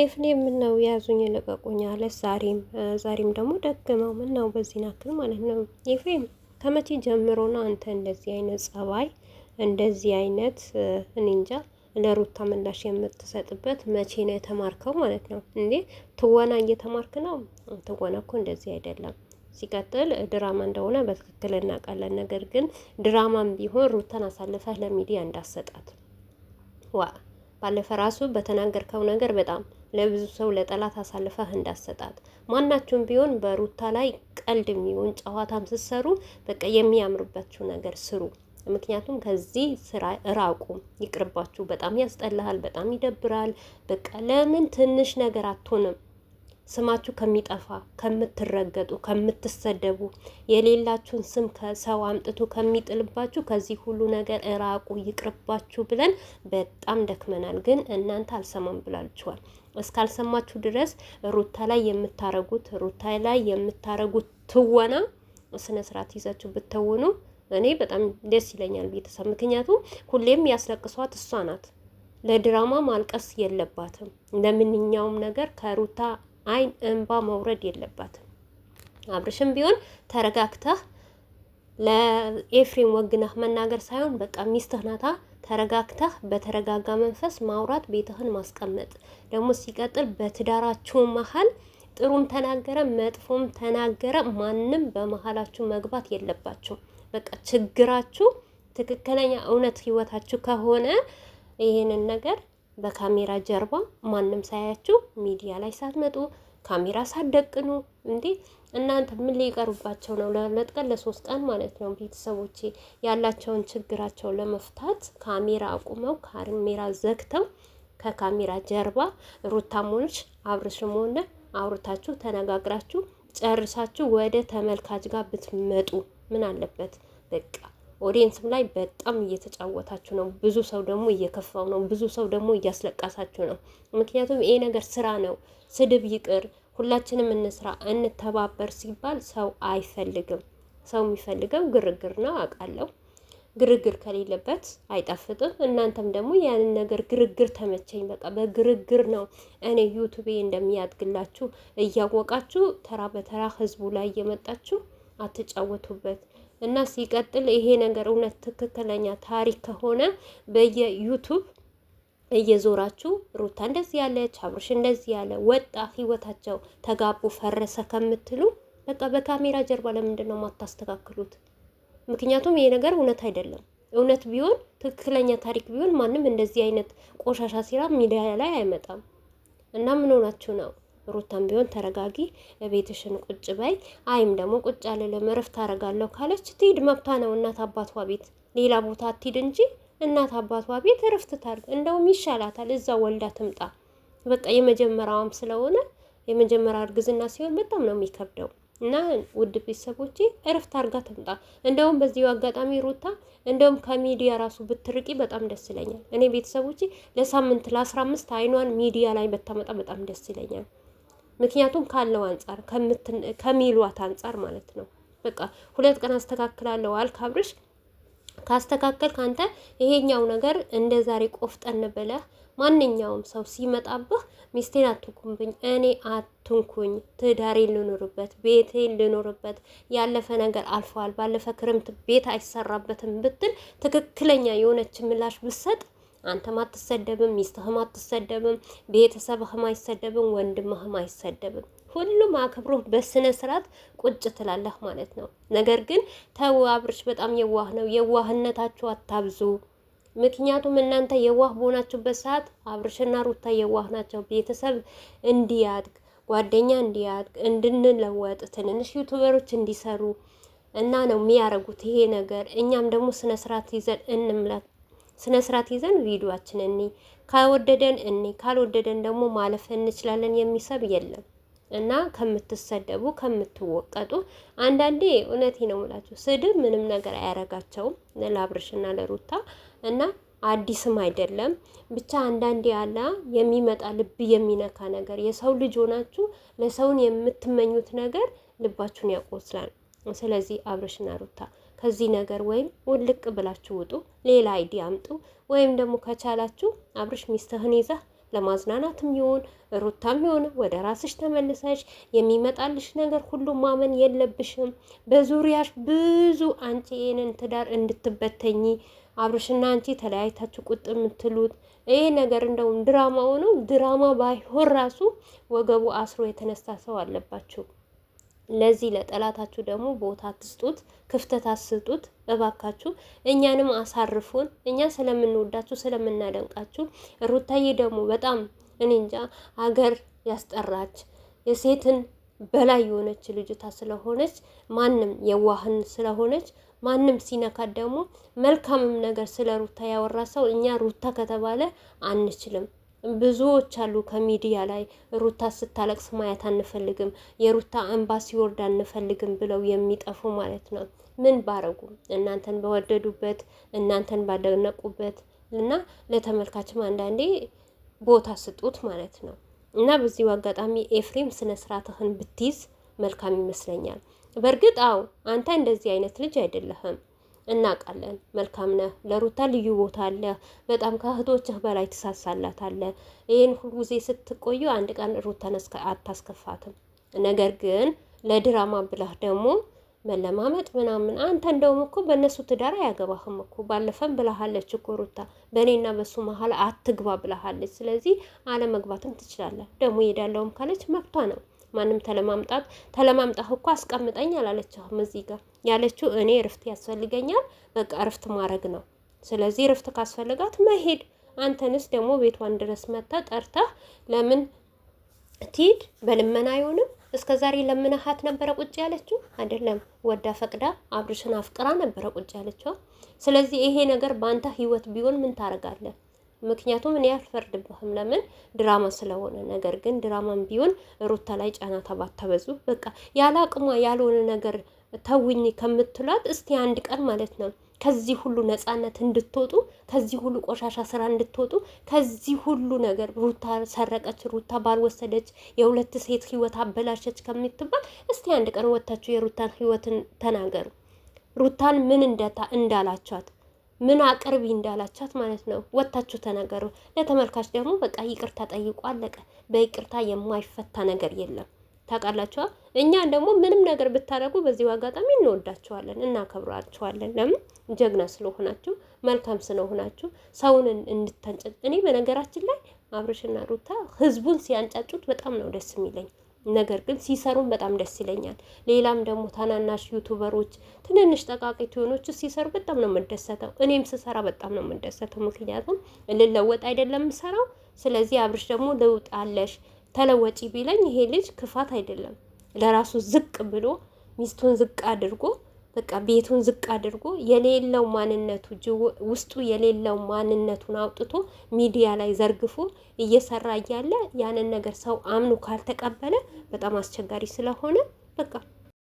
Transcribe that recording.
ኤፍኔ ነው ያዙኝ ልቀቁኝ አለ። ዛሬም ዛሬም ደግሞ ምን ነው በዚህ ናክል ማለት ነው ኤፍሬም፣ ከመቼ ጀምሮ ነው አንተ እንደዚህ አይነት ጸባይ፣ እንደዚህ አይነት እኔ ለሩታ ምላሽ የምትሰጥበት መቼ ነው የተማርከው ማለት ነው እንዴ? ትወና እየተማርክ ነው? ትወና እኮ እንደዚህ አይደለም። ሲቀጥል ድራማ እንደሆነ በትክክል እናውቃለን። ነገር ግን ድራማም ቢሆን ሩታን አሳልፈህ ለሚዲያ እንዳሰጣት ዋ ባለፈ ራሱ በተናገርከው ነገር በጣም ለብዙ ሰው ለጠላት አሳልፈህ እንዳሰጣት። ማናችሁም ቢሆን በሩታ ላይ ቀልድ የሚሆን ጨዋታም ስትሰሩ በቃ የሚያምርባችሁ ነገር ስሩ። ምክንያቱም ከዚህ ስራ እራቁ፣ ይቅርባችሁ። በጣም ያስጠላሃል፣ በጣም ይደብራል። በቃ ለምን ትንሽ ነገር አትሆንም? ስማችሁ ከሚጠፋ ከምትረገጡ፣ ከምትሰደቡ የሌላችሁን ስም ከሰው አምጥቶ ከሚጥልባችሁ ከዚህ ሁሉ ነገር እራቁ፣ ይቅርባችሁ ብለን በጣም ደክመናል። ግን እናንተ አልሰማም ብላችኋል። እስካልሰማችሁ ድረስ ሩታ ላይ የምታረጉት ሩታ ላይ የምታረጉት ትወና ስነ ስርዓት ይዛችሁ ብትውኑ እኔ በጣም ደስ ይለኛል ቤተሰብ። ምክንያቱም ሁሌም ያስለቅሷት እሷ ናት። ለድራማ ማልቀስ የለባትም። ለምንኛውም ነገር ከሩታ አይን እንባ መውረድ የለባትም። አብርሽም ቢሆን ተረጋግተህ ለኤፍሬም ወግነህ መናገር ሳይሆን በቃ ሚስትህ ናታ፣ ተረጋግተህ በተረጋጋ መንፈስ ማውራት፣ ቤትህን ማስቀመጥ ደግሞ ሲቀጥል በትዳራችሁ መሀል ጥሩም ተናገረ መጥፎም ተናገረ ማንም በመሀላችሁ መግባት የለባችሁ። በቃ ችግራችሁ ትክክለኛ እውነት ህይወታችሁ ከሆነ ይህንን ነገር በካሜራ ጀርባ ማንም ሳያችሁ ሚዲያ ላይ ሳትመጡ ካሜራ ሳትደቅኑ እንዴ እናንተ ምን ሊቀርባቸው ነው? ለሁለት ቀን ለሶስት ቀን ማለት ነው። ቤተሰቦቼ ያላቸውን ችግራቸው ለመፍታት ካሜራ አቁመው ካሜራ ዘግተው ከካሜራ ጀርባ ሩታሞኖች አብርሽም ሆነ አውርታችሁ ተነጋግራችሁ ጨርሳችሁ ወደ ተመልካች ጋር ብትመጡ ምን አለበት? በቃ ኦዲየንስም ላይ በጣም እየተጫወታችሁ ነው። ብዙ ሰው ደግሞ እየከፋው ነው። ብዙ ሰው ደግሞ እያስለቀሳችሁ ነው። ምክንያቱም ይሄ ነገር ስራ ነው። ስድብ ይቅር፣ ሁላችንም እንስራ፣ እንተባበር ሲባል ሰው አይፈልግም። ሰው የሚፈልገው ግርግር ነው አውቃለሁ። ግርግር ከሌለበት አይጣፍጥም። እናንተም ደግሞ ያንን ነገር ግርግር ተመቸኝ፣ በቃ በግርግር ነው እኔ ዩቱቤ እንደሚያድግላችሁ እያወቃችሁ ተራ በተራ ህዝቡ ላይ እየመጣችሁ አትጫወቱበት። እና ሲቀጥል ይሄ ነገር እውነት ትክክለኛ ታሪክ ከሆነ በየዩቱብ እየዞራችሁ ሩታ እንደዚህ ያለች አብርሽ እንደዚህ ያለ ወጣ ህይወታቸው ተጋቡ ፈረሰ ከምትሉ በቃ በካሜራ ጀርባ ለምንድን ነው የማታስተካክሉት? ምክንያቱም ይሄ ነገር እውነት አይደለም። እውነት ቢሆን ትክክለኛ ታሪክ ቢሆን ማንም እንደዚህ አይነት ቆሻሻ ሲራ ሚዲያ ላይ አይመጣም። እና ምን ሆናችሁ ነው? ሩታም ቢሆን ተረጋጊ፣ ቤትሽን ቁጭ በይ። አይም ደግሞ ቁጭ አልልም እረፍት አደርጋለሁ ካለች ትሂድ፣ መብቷ ነው። እናት አባቷ ቤት ሌላ ቦታ አትሂድ እንጂ እናት አባቷ ቤት እረፍት ታርግ። እንደውም ይሻላታል፣ እዛ ወልዳ ትምጣ። በቃ የመጀመሪያዋም ስለሆነ የመጀመሪያ እርግዝና ሲሆን በጣም ነው የሚከብደው። እና ውድ ቤተሰቦቼ እረፍት አርጋ ትምጣ። እንደውም በዚሁ አጋጣሚ ሩታ እንደውም ከሚዲያ ራሱ ብትርቂ በጣም ደስ ይለኛል። እኔ ቤተሰቦቼ ለሳምንት ለአስራ አምስት አይኗን ሚዲያ ላይ በታመጣ በጣም ደስ ይለኛል። ምክንያቱም ካለው አንጻር ከሚሏት አንጻር ማለት ነው። በቃ ሁለት ቀን አስተካክላለሁ አልክ አብርሽ። ካስተካከል ካንተ ይሄኛው ነገር እንደ ዛሬ ቆፍጠን ብለህ ማንኛውም ሰው ሲመጣብህ ሚስቴን አትንኩብኝ፣ እኔ አትንኩኝ፣ ትዳሬን ልኖርበት፣ ቤቴን ልኖርበት፣ ያለፈ ነገር አልፈዋል፣ ባለፈ ክርምት ቤት አይሰራበትም ብትል ትክክለኛ የሆነች ምላሽ ብትሰጥ አንተም አትሰደብም፣ ሚስትህም አትሰደብም፣ ቤተሰብህም አይሰደብም፣ ወንድምህም አይሰደብም። ሁሉም አክብሮ በስነ ስርዓት ቁጭ ትላለህ ማለት ነው። ነገር ግን ተው አብርሽ በጣም የዋህ ነው። የዋህነታችሁ አታብዙ። ምክንያቱም እናንተ የዋህ በሆናችሁበት ሰዓት አብርሽና ሩታ የዋህ ናቸው። ቤተሰብ እንዲያድግ ጓደኛ እንዲያድግ እንድንለወጥ ትንንሽ ዩቱበሮች እንዲሰሩ እና ነው የሚያረጉት ይሄ ነገር። እኛም ደግሞ ስነ ስርዓት ይዘን እንምላት። ስነ ስርዓት ይዘን ቪዲዮአችን እኒ ካወደደን እኒ ካልወደደን ደግሞ ማለፍ እንችላለን። የሚሰብ የለም እና ከምትሰደቡ ከምትወቀጡ፣ አንዳንዴ እውነቴ ነው የምላቸው ስድብ ምንም ነገር አያረጋቸውም ለአብርሽና ለሩታ እና አዲስም አይደለም። ብቻ አንዳንዴ ያለ የሚመጣ ልብ የሚነካ ነገር የሰው ልጅ ሆናችሁ ለሰውን የምትመኙት ነገር ልባችሁን ያቆስላል። ስለዚህ አብርሽና ሩታ ከዚህ ነገር ወይም ውልቅ ብላችሁ ውጡ፣ ሌላ አይዲ አምጡ። ወይም ደግሞ ከቻላችሁ አብርሽ ሚስትህን ይዛ ለማዝናናትም ይሁን ሩታም ይሁን ወደ ራስሽ ተመልሰሽ የሚመጣልሽ ነገር ሁሉ ማመን የለብሽም። በዙሪያሽ ብዙ አንቺ ይህንን ትዳር እንድትበተኝ አብርሽና አንቺ ተለያይታችሁ ቁጥ የምትሉት ይሄ ነገር እንደውም ድራማ ሆኖ ድራማ ባይሆን ራሱ ወገቡ አስሮ የተነሳ ሰው አለባችሁ። ለዚህ ለጠላታችሁ ደግሞ ቦታ አትስጡት፣ ክፍተት አትስጡት እባካችሁ። እኛንም አሳርፉን። እኛ ስለምንወዳችሁ ስለምናደንቃችሁ፣ ሩታዬ ደግሞ በጣም እኔ እንጃ ሀገር ያስጠራች የሴትን በላይ የሆነች ልጅታ ስለሆነች ማንም የዋህን ስለሆነች ማንም ሲነካት ደግሞ መልካምም ነገር ስለ ሩታ ያወራ ሰው እኛ ሩታ ከተባለ አንችልም። ብዙዎች አሉ ከሚዲያ ላይ ሩታ ስታለቅስ ማየት አንፈልግም፣ የሩታ እንባ ሲወርድ አንፈልግም ብለው የሚጠፉ ማለት ነው። ምን ባረጉ? እናንተን በወደዱበት እናንተን ባደነቁበት እና ለተመልካችም አንዳንዴ ቦታ ስጡት ማለት ነው። እና በዚሁ አጋጣሚ ኤፍሬም ስነ ስርዓትህን ብትይዝ መልካም ይመስለኛል። በእርግጥ አዎ አንተ እንደዚህ አይነት ልጅ አይደለህም። እናውቃለን። መልካም ነህ፣ ለሩታ ልዩ ቦታ አለ፣ በጣም ከእህቶችህ በላይ አለ። ይህን ሁሉ ጊዜ ስትቆዩ አንድ ቀን ሩታን አታስከፋትም። ነገር ግን ለድራማ ብላህ ደግሞ መለማመጥ ምናምን አንተ እንደውም እኮ በእነሱ ትዳር አያገባህም እኮ ባለፈም ብላሃለች እኮ ሩታ በእኔና በሱ መሀል አትግባ ብላሃለች። ስለዚህ አለመግባትም ትችላለህ። ደግሞ ሄዳለውም ካለች መብቷ ነው። ማንም ተለማምጣት ተለማምጣህ እኮ አስቀምጠኝ አላለችም። እዚህ ጋር ያለችው እኔ እርፍት ያስፈልገኛል፣ በቃ እርፍት ማድረግ ነው። ስለዚህ እርፍት ካስፈልጋት መሄድ፣ አንተንስ ደግሞ ቤቷን ድረስ መታ ጠርተህ ለምን ትሂድ? በልመና አይሆንም። እስከ ዛሬ አሃት ነበረ ቁጭ ያለችው አይደለም። ወዳ ፈቅዳ አብርሽን አፍቅራ ነበረ ቁጭ ያለችው። ስለዚህ ይሄ ነገር በአንተ ህይወት ቢሆን ምን ታደርጋለህ? ምክንያቱም እኔ አልፈርድብህም፣ ለምን ድራማ ስለሆነ። ነገር ግን ድራማም ቢሆን ሩታ ላይ ጫናታ ባታበዙ። በቃ ያለ አቅሟ ያልሆነ ነገር ተውኝ ከምትሏት እስቲ አንድ ቀን ማለት ነው ከዚህ ሁሉ ነጻነት እንድትወጡ ከዚህ ሁሉ ቆሻሻ ስራ እንድትወጡ ከዚህ ሁሉ ነገር ሩታ ሰረቀች፣ ሩታ ባልወሰደች፣ የሁለት ሴት ህይወት አበላሸች ከምትባል እስቲ አንድ ቀን ወጥታችሁ የሩታን ህይወትን ተናገሩ። ሩታን ምን እንዳላቸዋት ምን አቅርቢ እንዳላቻት ማለት ነው። ወታችሁ ተነገሩ ለተመልካች ደግሞ በቃ ይቅርታ ጠይቁ፣ አለቀ። በይቅርታ የማይፈታ ነገር የለም። ታውቃላችኋ። እኛን ደግሞ ምንም ነገር ብታደርጉ በዚሁ አጋጣሚ እንወዳችኋለን፣ እናከብራችኋለን። ለምን ጀግና ስለሆናችሁ፣ መልካም ስለሆናችሁ፣ ሰውን እንድታንጨጭ እኔ በነገራችን ላይ አብርሽና ሩታ ህዝቡን ሲያንጫጩት በጣም ነው ደስ የሚለኝ። ነገር ግን ሲሰሩም በጣም ደስ ይለኛል። ሌላም ደግሞ ታናናሽ ዩቱበሮች ትንንሽ ጠቃቂ ትሆኖች ሲሰሩ በጣም ነው የምደሰተው። እኔም ስሰራ በጣም ነው የምደሰተው፣ ምክንያቱም ልለወጥ አይደለም የምሰራው። ስለዚህ አብርሽ ደግሞ ለውጥ አለሽ ተለወጪ ቢለኝ ይሄ ልጅ ክፋት አይደለም። ለራሱ ዝቅ ብሎ ሚስቱን ዝቅ አድርጎ በቃ ቤቱን ዝቅ አድርጎ የሌለው ማንነቱ ውስጡ የሌለው ማንነቱን አውጥቶ ሚዲያ ላይ ዘርግፎ እየሰራ እያለ ያንን ነገር ሰው አምኖ ካልተቀበለ በጣም አስቸጋሪ ስለሆነ በቃ